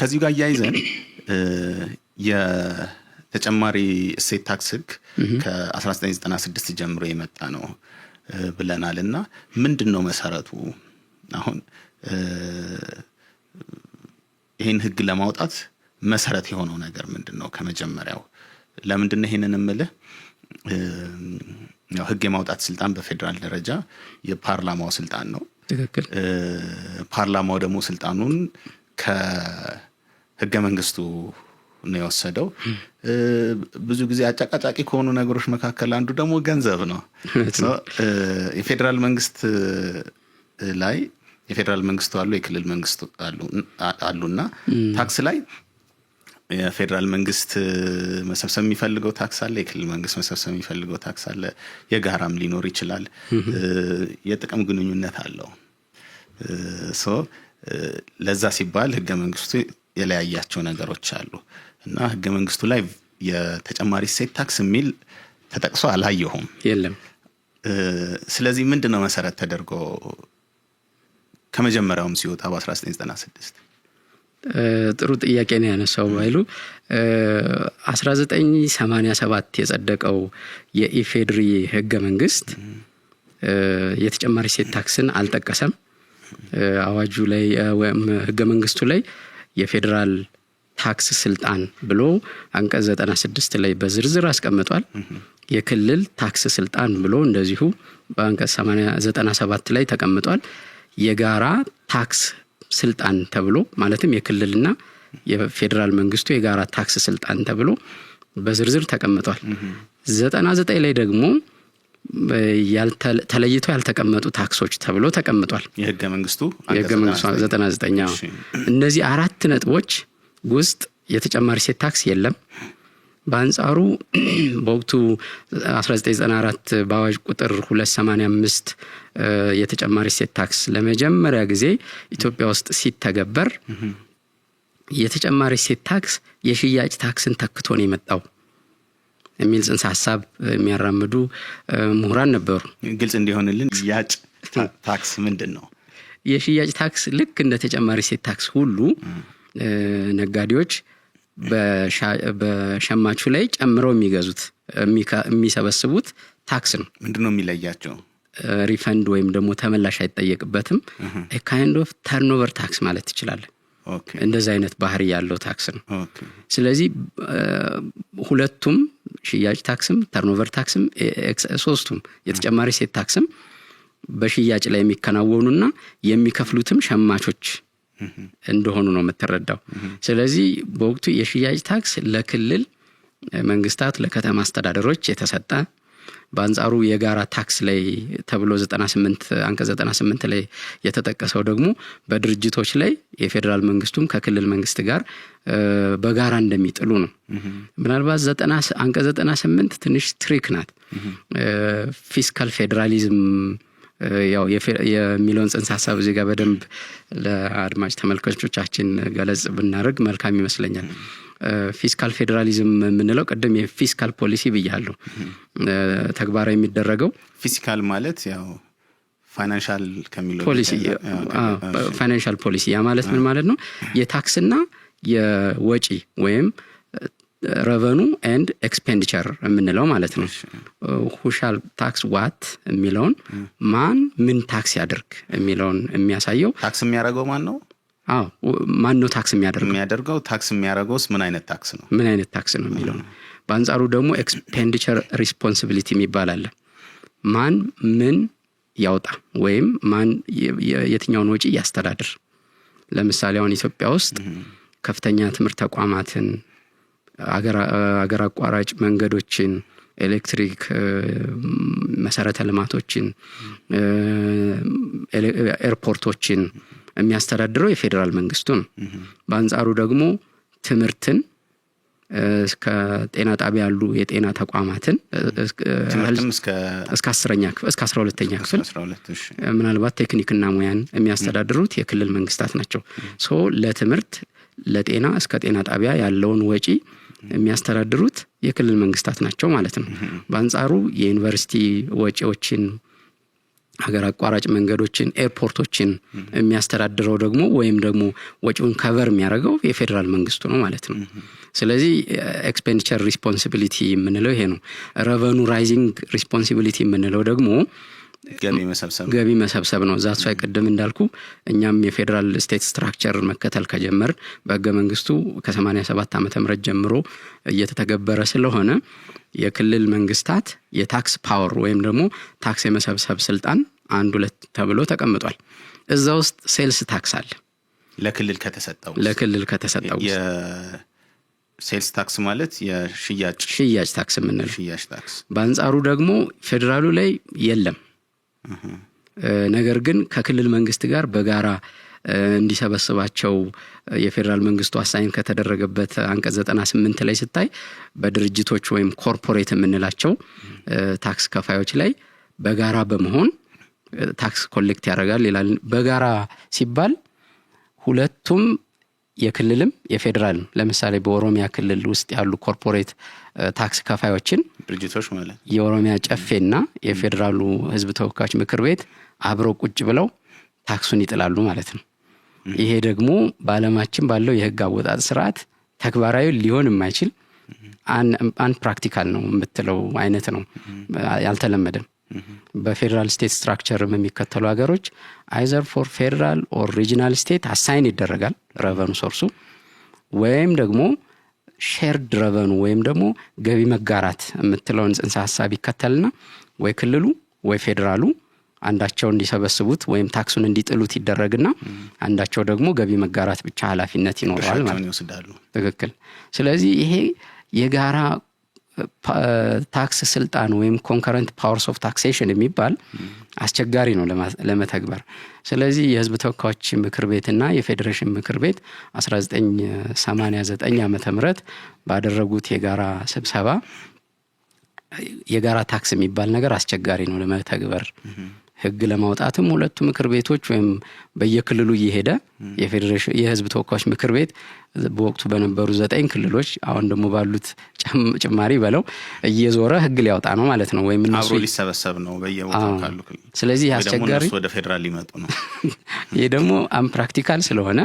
ከዚሁ ጋር እያይዘን የተጨማሪ እሴት ታክስ ህግ ከ1996 ጀምሮ የመጣ ነው ብለናል እና ምንድን ነው መሰረቱ? አሁን ይህን ህግ ለማውጣት መሰረት የሆነው ነገር ምንድን ነው? ከመጀመሪያው ለምንድን ነው ይህንን ምልህ ያው ህግ የማውጣት ስልጣን በፌዴራል ደረጃ የፓርላማው ስልጣን ነው። ትክክል። ፓርላማው ደግሞ ስልጣኑን ከህገ መንግስቱ ነው የወሰደው። ብዙ ጊዜ አጫቃጫቂ ከሆኑ ነገሮች መካከል አንዱ ደግሞ ገንዘብ ነው። የፌዴራል መንግስት ላይ የፌዴራል መንግስቱ አሉ፣ የክልል መንግስት እና ታክስ ላይ የፌዴራል መንግስት መሰብሰብ የሚፈልገው ታክስ አለ። የክልል መንግስት መሰብሰብ የሚፈልገው ታክስ አለ። የጋራም ሊኖር ይችላል። የጥቅም ግንኙነት አለው። ለዛ ሲባል ህገ መንግስቱ የለያያቸው ነገሮች አሉ እና ህገ መንግስቱ ላይ የተጨማሪ ሴት ታክስ የሚል ተጠቅሶ አላየሁም። የለም። ስለዚህ ምንድን ነው መሰረት ተደርጎ ከመጀመሪያውም ሲወጣ በ1996? ጥሩ ጥያቄ ነው ያነሳው ባይሉ 1987 የጸደቀው የኢፌድሪ ህገ መንግስት የተጨማሪ ሴት ታክስን አልጠቀሰም። አዋጁ ላይ ወይም ህገ መንግስቱ ላይ የፌዴራል ታክስ ስልጣን ብሎ አንቀጽ 96 ላይ በዝርዝር አስቀምጧል። የክልል ታክስ ስልጣን ብሎ እንደዚሁ በአንቀጽ 97 ላይ ተቀምጧል። የጋራ ታክስ ስልጣን ተብሎ ማለትም የክልልና የፌዴራል መንግስቱ የጋራ ታክስ ስልጣን ተብሎ በዝርዝር ተቀምጧል። 99 ላይ ደግሞ ተለይቶ ያልተቀመጡ ታክሶች ተብሎ ተቀምጧል። የህገ መንግስቱ የህገ መንግስቱ ዘጠና እነዚህ አራት ነጥቦች ውስጥ የተጨማሪ እሴት ታክስ የለም። በአንጻሩ በወቅቱ 1994 በአዋጅ ቁጥር 285 የተጨማሪ እሴት ታክስ ለመጀመሪያ ጊዜ ኢትዮጵያ ውስጥ ሲተገበር የተጨማሪ እሴት ታክስ የሽያጭ ታክስን ተክቶ ነው የመጣው። የሚል ጽንሰ ሀሳብ የሚያራምዱ ምሁራን ነበሩ። ግልጽ እንዲሆንልን ሽያጭ ታክስ ምንድን ነው? የሽያጭ ታክስ ልክ እንደ ተጨማሪ እሴት ታክስ ሁሉ ነጋዴዎች በሸማቹ ላይ ጨምረው የሚገዙት የሚሰበስቡት ታክስ ነው። ምንድን ነው የሚለያቸው? ሪፈንድ ወይም ደግሞ ተመላሽ አይጠየቅበትም። ካይንድ ኦፍ ተርኖቨር ታክስ ማለት ትችላለን። እንደዚህ አይነት ባህሪ ያለው ታክስ ነው። ስለዚህ ሁለቱም ሽያጭ ታክስም፣ ተርኖቨር ታክስም፣ ሶስቱም የተጨማሪ ሴት ታክስም በሽያጭ ላይ የሚከናወኑና የሚከፍሉትም ሸማቾች እንደሆኑ ነው የምትረዳው። ስለዚህ በወቅቱ የሽያጭ ታክስ ለክልል መንግስታት፣ ለከተማ አስተዳደሮች የተሰጠ በአንጻሩ የጋራ ታክስ ላይ ተብሎ 98 አንቀ 98 ላይ የተጠቀሰው ደግሞ በድርጅቶች ላይ የፌዴራል መንግስቱም ከክልል መንግስት ጋር በጋራ እንደሚጥሉ ነው። ምናልባት አንቀ 98 ትንሽ ትሪክ ናት። ፊስካል ፌዴራሊዝም ያው የሚለውን ጽንሰ ሀሳብ እዚህ ጋር በደንብ ለአድማጭ ተመልካቾቻችን ገለጽ ብናደርግ መልካም ይመስለኛል። ፊስካል ፌዴራሊዝም የምንለው ቅድም የፊስካል ፖሊሲ ብያለሁ ተግባራዊ የሚደረገው ፊስካል ማለት ያው ፋይናንሻል ፖሊሲ ያ ማለት ምን ማለት ነው? የታክስና የወጪ ወይም ረቨኑ ኤንድ ኤክስፔንዲቸር የምንለው ማለት ነው። ሁሻል ታክስ ዋት የሚለውን ማን ምን ታክስ ያድርግ የሚለውን የሚያሳየው ታክስ የሚያደርገው ማን ነው? ማን ነው ታክስ የሚያደርገው? የሚያደርገው ታክስ የሚያደርገውስ ምን አይነት ታክስ ነው? ምን አይነት ታክስ ነው የሚለው ነው። በአንጻሩ ደግሞ ኤክስፔንዲቸር ሪስፖንሲቢሊቲ የሚባል አለ። ማን ምን ያውጣ ወይም ማን የትኛውን ወጪ ያስተዳድር። ለምሳሌ አሁን ኢትዮጵያ ውስጥ ከፍተኛ ትምህርት ተቋማትን፣ አገር አቋራጭ መንገዶችን፣ ኤሌክትሪክ መሰረተ ልማቶችን፣ ኤርፖርቶችን የሚያስተዳድረው የፌዴራል መንግስቱ ነው። በአንጻሩ ደግሞ ትምህርትን ከጤና ጣቢያ ያሉ የጤና ተቋማትን እስከ አስረኛ ክፍል እስከ አስራ ሁለተኛ ክፍል ምናልባት ቴክኒክና ሙያን የሚያስተዳድሩት የክልል መንግስታት ናቸው። ሶ ለትምህርት ለጤና እስከ ጤና ጣቢያ ያለውን ወጪ የሚያስተዳድሩት የክልል መንግስታት ናቸው ማለት ነው። በአንጻሩ የዩኒቨርሲቲ ወጪዎችን ሀገር አቋራጭ መንገዶችን ኤርፖርቶችን የሚያስተዳድረው ደግሞ ወይም ደግሞ ወጪውን ከቨር የሚያደርገው የፌዴራል መንግስቱ ነው ማለት ነው። ስለዚህ ኤክስፔንዲቸር ሪስፖንሲቢሊቲ የምንለው ይሄ ነው። ረቨኑ ራይዚንግ ሪስፖንሲቢሊቲ የምንለው ደግሞ ገቢ መሰብሰብ ነው። እዛ ሳይ ቅድም እንዳልኩ እኛም የፌዴራል ስቴት ስትራክቸር መከተል ከጀመር በህገ መንግስቱ ከ87 ዓመተ ምህረት ጀምሮ እየተተገበረ ስለሆነ የክልል መንግስታት የታክስ ፓወር ወይም ደግሞ ታክስ የመሰብሰብ ስልጣን አንድ ሁለት ተብሎ ተቀምጧል። እዛ ውስጥ ሴልስ ታክስ አለ። ለክልል ከተሰጠው ለክልል ከተሰጠው ሴልስ ታክስ ማለት የሽያጭ ሽያጭ ታክስ የምንለው ሽያጭ ታክስ በአንጻሩ ደግሞ ፌዴራሉ ላይ የለም። ነገር ግን ከክልል መንግስት ጋር በጋራ እንዲሰበስባቸው የፌዴራል መንግስቱ አሳይን ከተደረገበት አንቀጽ 98 ላይ ስታይ በድርጅቶች ወይም ኮርፖሬት የምንላቸው ታክስ ከፋዮች ላይ በጋራ በመሆን ታክስ ኮሌክት ያደርጋል ይላል። በጋራ ሲባል ሁለቱም የክልልም የፌዴራልም ለምሳሌ በኦሮሚያ ክልል ውስጥ ያሉ ኮርፖሬት ታክስ ከፋዮችን ድርጅቶች ማለት የኦሮሚያ ጨፌና የፌዴራሉ ህዝብ ተወካዮች ምክር ቤት አብረው ቁጭ ብለው ታክሱን ይጥላሉ ማለት ነው። ይሄ ደግሞ በዓለማችን ባለው የህግ አወጣጥ ስርዓት ተግባራዊ ሊሆን የማይችል ፕራክቲካል ነው የምትለው አይነት ነው። ያልተለመደም በፌዴራል ስቴት ስትራክቸርም የሚከተሉ ሀገሮች አይዘር ፎር ፌዴራል ኦር ሪጂናል ስቴት አሳይን ይደረጋል ረቨኑ ሶርሱ ወይም ደግሞ ሼርድ ረቨኑ ወይም ደግሞ ገቢ መጋራት የምትለውን ጽንሰ ሀሳብ ይከተልና ወይ ክልሉ ወይ ፌዴራሉ አንዳቸው እንዲሰበስቡት ወይም ታክሱን እንዲጥሉት ይደረግና አንዳቸው ደግሞ ገቢ መጋራት ብቻ ኃላፊነት ይኖረዋል ማለት ነው። ትክክል። ስለዚህ ይሄ የጋራ ታክስ ስልጣን ወይም ኮንከረንት ፓወርስ ኦፍ ታክሴሽን የሚባል አስቸጋሪ ነው ለመተግበር። ስለዚህ የህዝብ ተወካዮች ምክር ቤትና የፌዴሬሽን ምክር ቤት 1989 ዓ ም ባደረጉት የጋራ ስብሰባ የጋራ ታክስ የሚባል ነገር አስቸጋሪ ነው ለመተግበር ህግ ለማውጣትም ሁለቱ ምክር ቤቶች ወይም በየክልሉ እየሄደ የህዝብ ተወካዮች ምክር ቤት በወቅቱ በነበሩ ዘጠኝ ክልሎች አሁን ደግሞ ባሉት ጭማሪ በለው እየዞረ ህግ ሊያወጣ ነው ማለት ነው። ወይም አብሮ ሊሰበሰብ ነው በየቦታው ካሉ ስለዚህ አስቸጋሪ ወደ ፌዴራል ሊመጡ ነው። ይህ ደግሞ አምፕራክቲካል ስለሆነ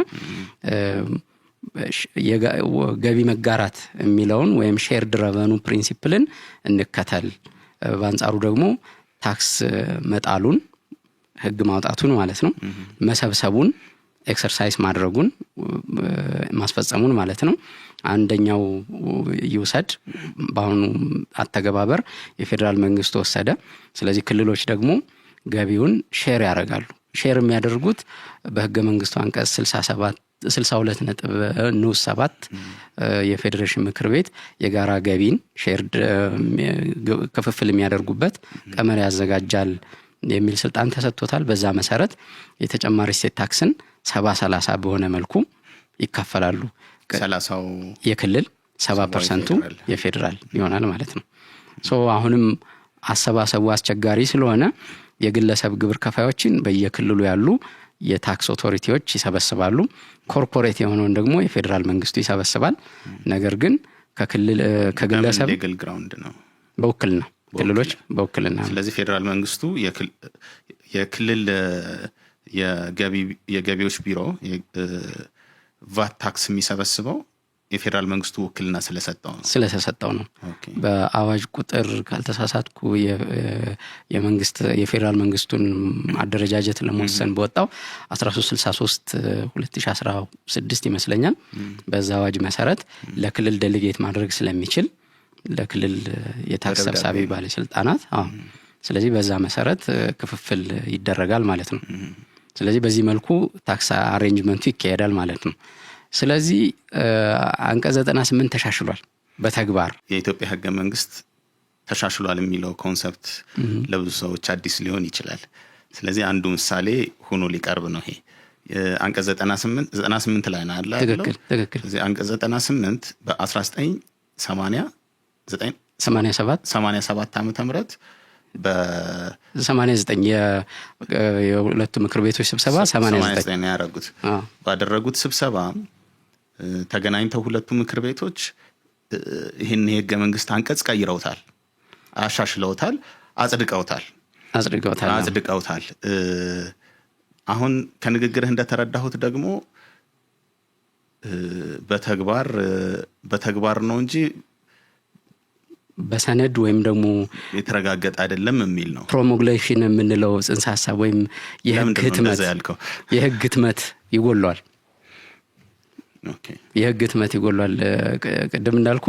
ገቢ መጋራት የሚለውን ወይም ሼርድ ረቨኑ ፕሪንሲፕልን እንከተል። በአንጻሩ ደግሞ ታክስ መጣሉን ህግ ማውጣቱን ማለት ነው መሰብሰቡን ኤክሰርሳይዝ ማድረጉን ማስፈጸሙን ማለት ነው። አንደኛው ይውሰድ በአሁኑ አተገባበር የፌዴራል መንግስት ወሰደ። ስለዚህ ክልሎች ደግሞ ገቢውን ሼር ያደርጋሉ። ሼር የሚያደርጉት በህገ መንግስቱ አንቀጽ 67 62 ነጥብ ንዑስ 7 የፌዴሬሽን ምክር ቤት የጋራ ገቢን ሼርድ ክፍፍል የሚያደርጉበት ቀመር ያዘጋጃል የሚል ስልጣን ተሰጥቶታል። በዛ መሰረት የተጨማሪ ሴት ታክስን ሰባ ሰላሳ በሆነ መልኩ ይካፈላሉ። ሰላሳው የክልል ሰባ ፐርሰንቱ የፌዴራል ይሆናል ማለት ነው። ሶ አሁንም አሰባሰቡ አስቸጋሪ ስለሆነ የግለሰብ ግብር ከፋዮችን በየክልሉ ያሉ የታክስ ኦቶሪቲዎች ይሰበስባሉ። ኮርፖሬት የሆነውን ደግሞ የፌዴራል መንግስቱ ይሰበስባል። ነገር ግን ከክልል ከግለሰብ ሌጋል ግራውንድ ነው፣ በውክልና ክልሎች በውክልና። ስለዚህ ፌዴራል መንግስቱ የክልል የገቢዎች ቢሮ ቫት ታክስ የሚሰበስበው የፌዴራል መንግስቱ ውክልና ስለሰጠው ነው ስለተሰጠው ነው። በአዋጅ ቁጥር ካልተሳሳትኩ የመንግስት የፌዴራል መንግስቱን አደረጃጀት ለመወሰን በወጣው 1363 ይመስለኛል። በዛ አዋጅ መሰረት ለክልል ደልጌት ማድረግ ስለሚችል ለክልል የታክስ ሰብሳቢ ባለስልጣናት፣ ስለዚህ በዛ መሰረት ክፍፍል ይደረጋል ማለት ነው። ስለዚህ በዚህ መልኩ ታክስ አሬንጅመንቱ ይካሄዳል ማለት ነው። ስለዚህ አንቀጽ 98 ተሻሽሏል። በተግባር የኢትዮጵያ ህገ መንግስት ተሻሽሏል የሚለው ኮንሰፕት ለብዙ ሰዎች አዲስ ሊሆን ይችላል። ስለዚህ አንዱ ምሳሌ ሆኖ ሊቀርብ ነው ይሄ አንቀጽ 98 ላይ ነው አለ። አንቀ አንቀጽ 98 በ1987 ዓ ምህረት በ89 የሁለቱ ምክር ቤቶች ስብሰባ 89 ያደረጉት ባደረጉት ስብሰባ ተገናኝተው ሁለቱ ምክር ቤቶች ይህን የህገ መንግስት አንቀጽ ቀይረውታል፣ አሻሽለውታል፣ አጽድቀውታል አጽድቀውታል አሁን ከንግግርህ እንደተረዳሁት ደግሞ በተግባር በተግባር ነው እንጂ በሰነድ ወይም ደግሞ የተረጋገጠ አይደለም የሚል ነው። ፕሮሞግሌሽን የምንለው ጽንሰ ሀሳብ ወይም የህግ ህትመት ይጎሏል። የህግ ትመት ይጎሏል። ቅድም እንዳልኩ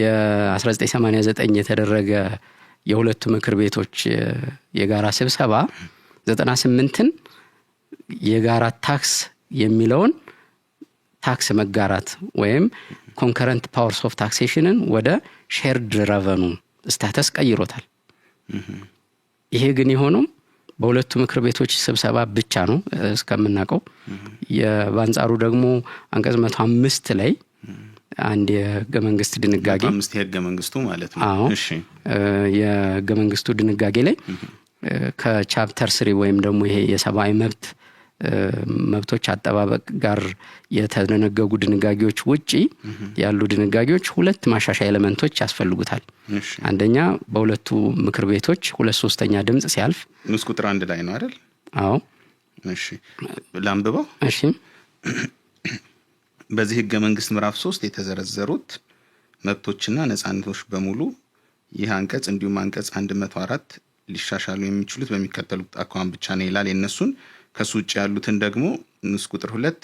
የ1989 የተደረገ የሁለቱ ምክር ቤቶች የጋራ ስብሰባ 98ን የጋራ ታክስ የሚለውን ታክስ መጋራት ወይም ኮንከረንት ፓወርስ ኦፍ ታክሴሽንን ወደ ሼርድ ረቨኑ ስታተስ ቀይሮታል። ይሄ ግን የሆነው በሁለቱ ምክር ቤቶች ስብሰባ ብቻ ነው እስከምናውቀው። በአንጻሩ ደግሞ አንቀጽ መቶ አምስት ላይ አንድ የህገ መንግስት ድንጋጌ የህገ መንግስቱ ማለት ነው። የህገ መንግስቱ ድንጋጌ ላይ ከቻፕተር ስሪ ወይም ደግሞ ይሄ የሰብአዊ መብት መብቶች አጠባበቅ ጋር የተደነገጉ ድንጋጌዎች ውጪ ያሉ ድንጋጌዎች ሁለት ማሻሻያ ኤሌመንቶች ያስፈልጉታል። አንደኛ በሁለቱ ምክር ቤቶች ሁለት ሶስተኛ ድምፅ ሲያልፍ ንዑስ ቁጥር አንድ ላይ ነው አይደል? አዎ። እሺ ላንብበው። እሺ በዚህ ህገ መንግስት ምዕራፍ ሶስት የተዘረዘሩት መብቶችና ነጻነቶች በሙሉ ይህ አንቀጽ እንዲሁም አንቀጽ አንድ መቶ አራት ሊሻሻሉ የሚችሉት በሚከተሉት አኳኋን ብቻ ነው ይላል የእነሱን ከሱ ውጭ ያሉትን ደግሞ ንዑስ ቁጥር ሁለት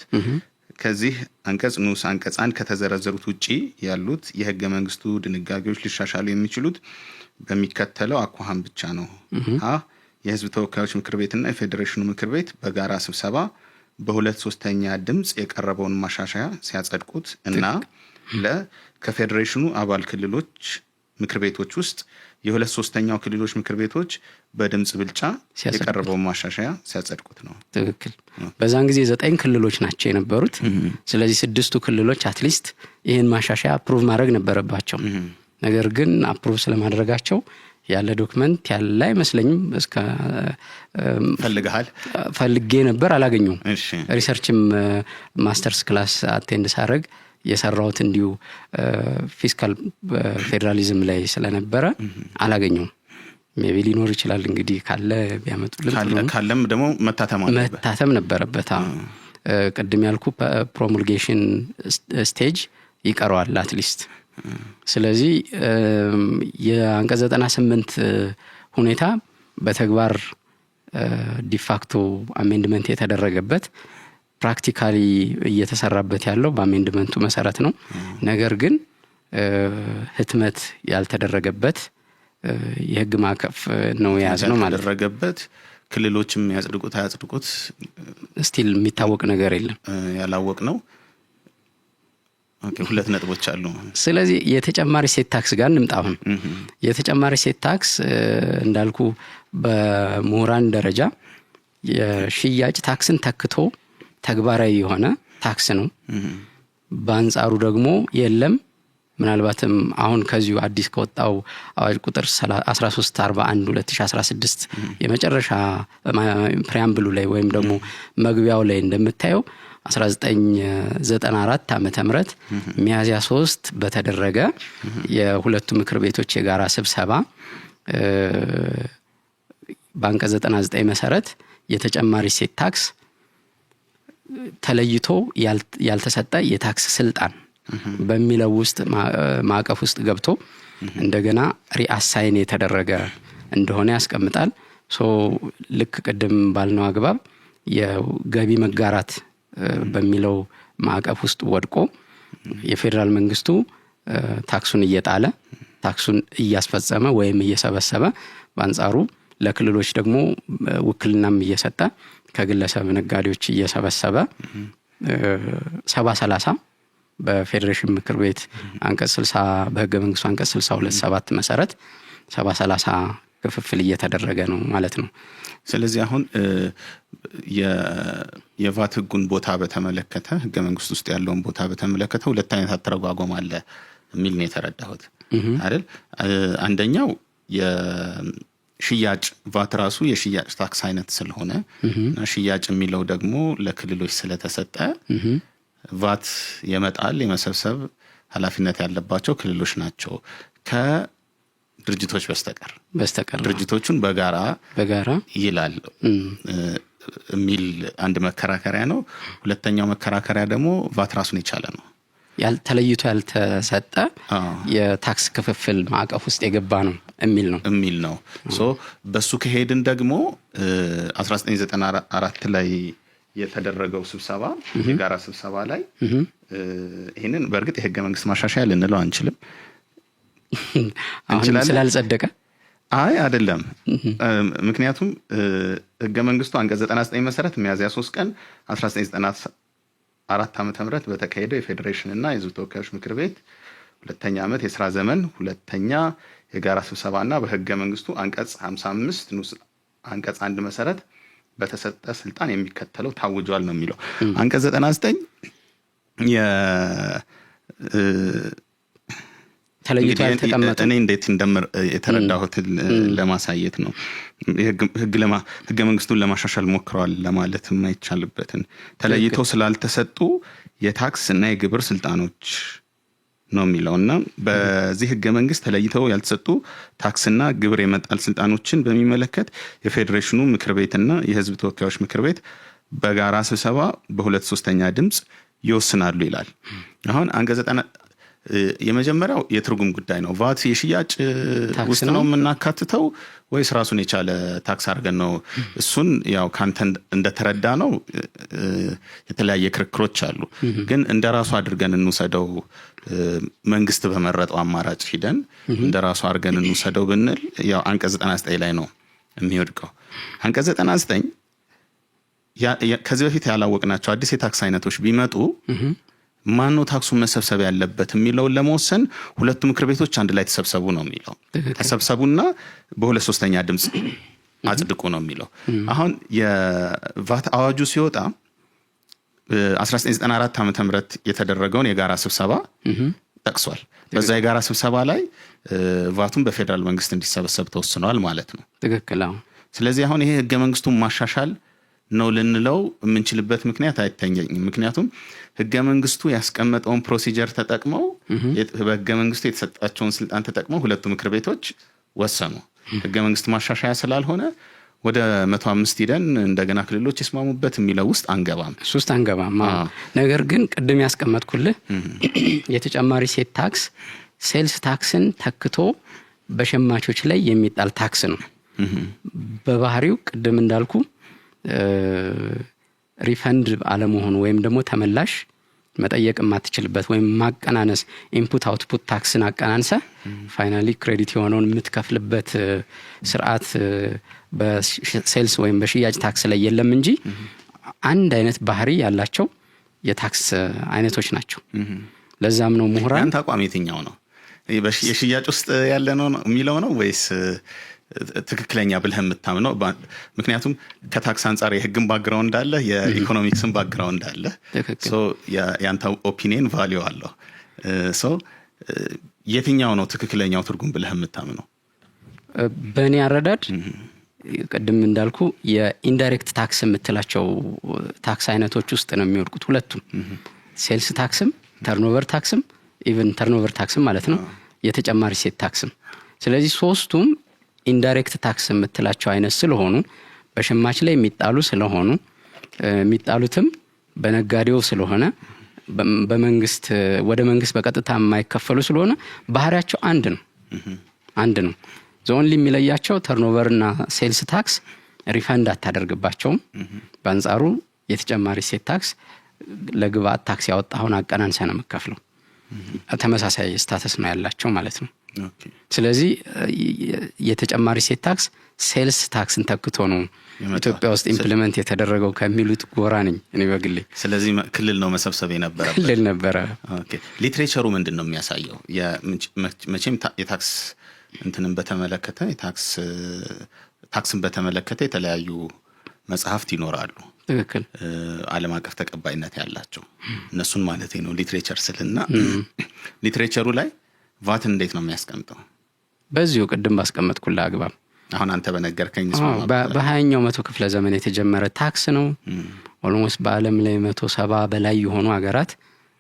ከዚህ አንቀጽ ንዑስ አንቀጽ አንድ ከተዘረዘሩት ውጪ ያሉት የህገ መንግስቱ ድንጋጌዎች ሊሻሻሉ የሚችሉት በሚከተለው አኳኋን ብቻ ነው። ሀ የህዝብ ተወካዮች ምክር ቤትና የፌዴሬሽኑ ምክር ቤት በጋራ ስብሰባ በሁለት ሶስተኛ ድምፅ የቀረበውን ማሻሻያ ሲያጸድቁት እና ለከፌዴሬሽኑ አባል ክልሎች ምክር ቤቶች ውስጥ የሁለት ሶስተኛው ክልሎች ምክር ቤቶች በድምፅ ብልጫ የቀረበውን ማሻሻያ ሲያጸድቁት ነው። ትክክል። በዛን ጊዜ ዘጠኝ ክልሎች ናቸው የነበሩት። ስለዚህ ስድስቱ ክልሎች አትሊስት ይህን ማሻሻያ አፕሩቭ ማድረግ ነበረባቸው። ነገር ግን አፕሩቭ ስለማድረጋቸው ያለ ዶክመንት ያለ አይመስለኝም። እስከ ፈልግሃል ፈልጌ ነበር አላገኘውም። ሪሰርችም ማስተርስ ክላስ አቴንድ ሳረግ የሰራሁት እንዲሁ ፊስካል ፌዴራሊዝም ላይ ስለነበረ አላገኘውም። ሜቢ ሊኖር ይችላል እንግዲህ ካለ ቢያመጡልን። ካለም ደግሞ መታተም ነበረበት። ቅድም ያልኩ ፕሮሙልጌሽን ስቴጅ ይቀረዋል አትሊስት ስለዚህ የአንቀጽ ስምንት ሁኔታ በተግባር ዲፋክቶ አሜንድመንት የተደረገበት ፕራክቲካሊ እየተሰራበት ያለው በአሜንድመንቱ መሰረት ነው። ነገር ግን ህትመት ያልተደረገበት የህግ ማዕቀፍ ነው የያዝ ነው ማለት ያልተደረገበት ክልሎችም ያጽድቁት አያጽድቁት ስቲል የሚታወቅ ነገር የለም ያላወቅ ነው። ሁለት ነጥቦች አሉ። ስለዚህ የተጨማሪ ሴት ታክስ ጋር እንምጣ። አሁን የተጨማሪ ሴት ታክስ እንዳልኩ በምሁራን ደረጃ የሽያጭ ታክስን ተክቶ ተግባራዊ የሆነ ታክስ ነው። በአንጻሩ ደግሞ የለም ምናልባትም አሁን ከዚሁ አዲስ ከወጣው አዋጅ ቁጥር 1341 2016 የመጨረሻ ፕሪያምብሉ ላይ ወይም ደግሞ መግቢያው ላይ እንደምታየው 1994 ዓ ም ሚያዝያ 3 በተደረገ የሁለቱ ምክር ቤቶች የጋራ ስብሰባ በአንቀጽ 99 መሰረት የተጨማሪ ሴት ታክስ ተለይቶ ያልተሰጠ የታክስ ስልጣን በሚለው ውስጥ ማዕቀፍ ውስጥ ገብቶ እንደገና ሪአሳይን የተደረገ እንደሆነ ያስቀምጣል። ሶ ልክ ቅድም ባልነው አግባብ የገቢ መጋራት በሚለው ማዕቀፍ ውስጥ ወድቆ የፌዴራል መንግስቱ ታክሱን እየጣለ ታክሱን እያስፈጸመ ወይም እየሰበሰበ በአንጻሩ ለክልሎች ደግሞ ውክልናም እየሰጠ ከግለሰብ ነጋዴዎች እየሰበሰበ ሰባ ሰላሳ በፌዴሬሽን ምክር ቤት አንቀጽ ስልሳ በህገ መንግስቱ አንቀጽ ስልሳ ሁለት ሰባት መሰረት ሰባ ሰላሳ ክፍፍል እየተደረገ ነው ማለት ነው። ስለዚህ አሁን የቫት ህጉን ቦታ በተመለከተ ህገ መንግስት ውስጥ ያለውን ቦታ በተመለከተ ሁለት አይነት አተረጓጎም አለ የሚል ነው የተረዳሁት አይደል? አንደኛው የሽያጭ ቫት ራሱ የሽያጭ ታክስ አይነት ስለሆነ እና ሽያጭ የሚለው ደግሞ ለክልሎች ስለተሰጠ ቫት የመጣል የመሰብሰብ ሀላፊነት ያለባቸው ክልሎች ናቸው ከድርጅቶች በስተቀር በስተቀር ድርጅቶቹን በጋራ በጋራ ይላል የሚል አንድ መከራከሪያ ነው። ሁለተኛው መከራከሪያ ደግሞ ቫት ራሱን የቻለ ነው። ተለይቶ ያልተሰጠ የታክስ ክፍፍል ማዕቀፍ ውስጥ የገባ ነው የሚል ነው የሚል ነው። ሶ በሱ ከሄድን ደግሞ 1994 ላይ የተደረገው ስብሰባ የጋራ ስብሰባ ላይ ይህንን በእርግጥ የህገ መንግስት ማሻሻያ ልንለው አንችልም ስላልጸደቀ አይ አይደለም። ምክንያቱም ህገ መንግስቱ አንቀጽ 99 መሰረት ሚያዝያ 3 ቀን 1994 ዓ ም በተካሄደው የፌዴሬሽን እና የህዝብ ተወካዮች ምክር ቤት ሁለተኛ ዓመት የስራ ዘመን ሁለተኛ የጋራ ስብሰባ እና በህገ መንግስቱ አንቀጽ 55 ንዑስ አንቀጽ አንድ መሰረት በተሰጠ ስልጣን የሚከተለው ታውጇል ነው የሚለው አንቀጽ 99 ተለይቶ ያልተቀመጠ እኔ እንዴት የተረዳሁትን ለማሳየት ነው። ህገ መንግስቱን ለማሻሻል ሞክረዋል ለማለት የማይቻልበትን ተለይቶ ስላልተሰጡ የታክስ እና የግብር ስልጣኖች ነው የሚለው እና በዚህ ህገ መንግስት ተለይተው ያልተሰጡ ታክስና ግብር የመጣል ስልጣኖችን በሚመለከት የፌዴሬሽኑ ምክር ቤትና የህዝብ ተወካዮች ምክር ቤት በጋራ ስብሰባ በሁለት ሶስተኛ ድምፅ ይወስናሉ ይላል። አሁን የመጀመሪያው የትርጉም ጉዳይ ነው። ቫት የሽያጭ ውስጥ ነው የምናካትተው ወይስ ራሱን የቻለ ታክስ አድርገን ነው? እሱን ያው ከአንተ እንደተረዳ ነው የተለያየ ክርክሮች አሉ። ግን እንደ ራሱ አድርገን እንውሰደው፣ መንግስት በመረጠው አማራጭ ሂደን እንደ ራሱ አድርገን እንውሰደው ብንል ያው አንቀጽ 99 ላይ ነው የሚወድቀው። አንቀጽ 99 ከዚህ በፊት ያላወቅናቸው አዲስ የታክስ አይነቶች ቢመጡ ማን ነው ታክሱን መሰብሰብ ያለበት የሚለውን ለመወሰን ሁለቱ ምክር ቤቶች አንድ ላይ ተሰብሰቡ ነው የሚለው። ተሰብሰቡና በሁለት ሶስተኛ ድምፅ አጽድቁ ነው የሚለው። አሁን የቫት አዋጁ ሲወጣ 1994 ዓ ምት የተደረገውን የጋራ ስብሰባ ጠቅሷል። በዛ የጋራ ስብሰባ ላይ ቫቱን በፌዴራል መንግስት እንዲሰበሰብ ተወስኗል ማለት ነው። ትክክል። ስለዚህ አሁን ይሄ ህገ መንግስቱን ማሻሻል ነው ልንለው የምንችልበት ምክንያት አይታየኝም። ምክንያቱም ህገ መንግስቱ ያስቀመጠውን ፕሮሲጀር ተጠቅመው በህገ መንግስቱ የተሰጣቸውን ስልጣን ተጠቅመው ሁለቱ ምክር ቤቶች ወሰኑ። ህገ መንግስት ማሻሻያ ስላልሆነ ወደ መቶ አምስት ሂደን እንደገና ክልሎች ይስማሙበት የሚለው ውስጥ አንገባም ሶስት አንገባም። ነገር ግን ቅድም ያስቀመጥኩልህ የተጨማሪ ሴት ታክስ ሴልስ ታክስን ተክቶ በሸማቾች ላይ የሚጣል ታክስ ነው። በባህሪው ቅድም እንዳልኩ ሪፈንድ አለመሆኑ ወይም ደግሞ ተመላሽ መጠየቅ የማትችልበት ወይም ማቀናነስ ኢንፑት አውትፑት ታክስን አቀናንሰ ፋይናሊ ክሬዲት የሆነውን የምትከፍልበት ስርዓት በሴልስ ወይም በሽያጭ ታክስ ላይ የለም እንጂ አንድ አይነት ባህሪ ያላቸው የታክስ አይነቶች ናቸው። ለዛም ነው ምሁራን። ያንተ አቋም የትኛው ነው? የሽያጭ ውስጥ ያለ ነው የሚለው ነው ወይስ ትክክለኛ ብልህ የምታምነው ምክንያቱም ከታክስ አንጻር የህግን ባግራው እንዳለ የኢኮኖሚክስን ባግራው እንዳለ ያንተ ኦፒኒየን ቫሊዩ አለው። የትኛው ነው ትክክለኛው ትርጉም ብልህ የምታምነው? በእኔ አረዳድ ቅድም እንዳልኩ የኢንዳይሬክት ታክስ የምትላቸው ታክስ አይነቶች ውስጥ ነው የሚወድቁት ሁለቱም፣ ሴልስ ታክስም ተርኖቨር ታክስም ኢቨን ተርኖቨር ታክስም ማለት ነው የተጨማሪ ሴት ታክስም። ስለዚህ ሶስቱም ኢንዳይሬክት ታክስ የምትላቸው አይነት ስለሆኑ በሸማች ላይ የሚጣሉ ስለሆኑ የሚጣሉትም በነጋዴው ስለሆነ በመንግስት ወደ መንግስት በቀጥታ የማይከፈሉ ስለሆነ ባህሪያቸው አንድ ነው አንድ ነው። ዞንሊ የሚለያቸው ተርኖቨርና ሴልስ ታክስ ሪፈንድ አታደርግባቸውም። በአንጻሩ የተጨማሪ ሴት ታክስ ለግብአት ታክስ ያወጣውን አቀናንሰ ነው የምከፍለው። ተመሳሳይ ስታተስ ነው ያላቸው ማለት ነው። ስለዚህ የተጨማሪ ሴት ታክስ ሴልስ ታክስን ተክቶ ነው ኢትዮጵያ ውስጥ ኢምፕሊመንት የተደረገው ከሚሉት ጎራ ነኝ እኔ በግሌ። ስለዚህ ክልል ነው መሰብሰብ የነበረ ክልል ነበረ። ሊትሬቸሩ ምንድን ነው የሚያሳየው? መቼም የታክስ እንትንም በተመለከተ ታክስን በተመለከተ የተለያዩ መጽሐፍት ይኖራሉ። ትክክል። አለም አቀፍ ተቀባይነት ያላቸው እነሱን ማለት ነው ሊትሬቸር ስልና ሊትሬቸሩ ላይ ቫትን እንዴት ነው የሚያስቀምጠው? በዚሁ ቅድም ባስቀመጥኩላ አግባብ አሁን አንተ በነገርከኝ በሀያኛው መቶ ክፍለ ዘመን የተጀመረ ታክስ ነው። ኦልሞስት በዓለም ላይ መቶ ሰባ በላይ የሆኑ ሀገራት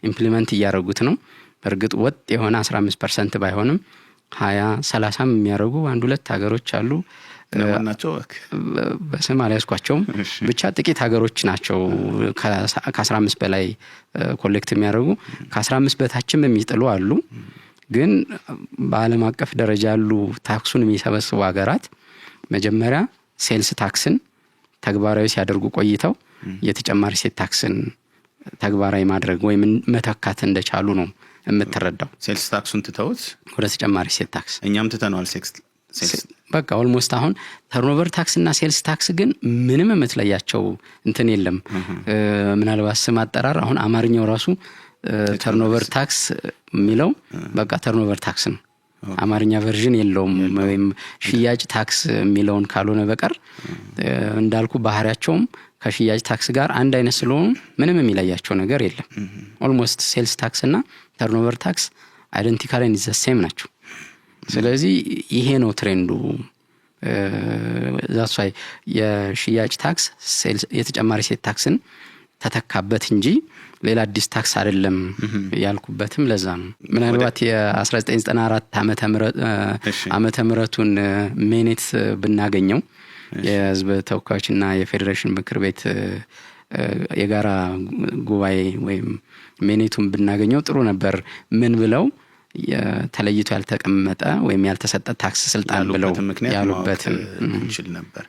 ኢምፕሊመንት እያደረጉት ነው። በእርግጥ ወጥ የሆነ አስራ አምስት ፐርሰንት ባይሆንም ሀያ ሰላሳም የሚያደርጉ አንድ ሁለት ሀገሮች አሉ። በስም አልያዝኳቸውም። ብቻ ጥቂት ሀገሮች ናቸው ከአስራ አምስት በላይ ኮሌክት የሚያደርጉ ከአስራ አምስት በታችም የሚጥሉ አሉ። ግን በዓለም አቀፍ ደረጃ ያሉ ታክሱን የሚሰበስቡ ሀገራት መጀመሪያ ሴልስ ታክስን ተግባራዊ ሲያደርጉ ቆይተው የተጨማሪ ሴት ታክስን ተግባራዊ ማድረግ ወይም መተካት እንደቻሉ ነው የምትረዳው። ሴልስ ታክሱን ትተውት ወደ ተጨማሪ ሴት ታክስ እኛም ትተነዋል። በቃ ኦልሞስት አሁን ተርኖቨር ታክስ እና ሴልስ ታክስ ግን ምንም የምትለያቸው እንትን የለም። ምናልባት ስም አጠራር አሁን አማርኛው ራሱ ተርኖቨር ታክስ የሚለው በቃ ተርኖቨር ታክስ ነው። አማርኛ ቨርዥን የለውም። ወይም ሽያጭ ታክስ የሚለውን ካልሆነ በቀር እንዳልኩ ባህሪያቸውም ከሽያጭ ታክስ ጋር አንድ አይነት ስለሆኑ ምንም የሚለያቸው ነገር የለም። ኦልሞስት ሴልስ ታክስ እና ተርኖቨር ታክስ አይደንቲካል ኢን ዘ ሴም ናቸው። ስለዚህ ይሄ ነው ትሬንዱ። ዛሷይ የሽያጭ ታክስ የተጨማሪ ሴት ታክስን ተተካበት እንጂ ሌላ አዲስ ታክስ አይደለም ያልኩበትም ለዛ ነው። ምናልባት የ1994 ዓመተ ምህረቱን ሜኔት ብናገኘው የህዝብ ተወካዮችና የፌዴሬሽን ምክር ቤት የጋራ ጉባኤ ወይም ሜኔቱን ብናገኘው ጥሩ ነበር። ምን ብለው ተለይቶ ያልተቀመጠ ወይም ያልተሰጠ ታክስ ስልጣን ብለው ያሉበትን እንችል ነበር።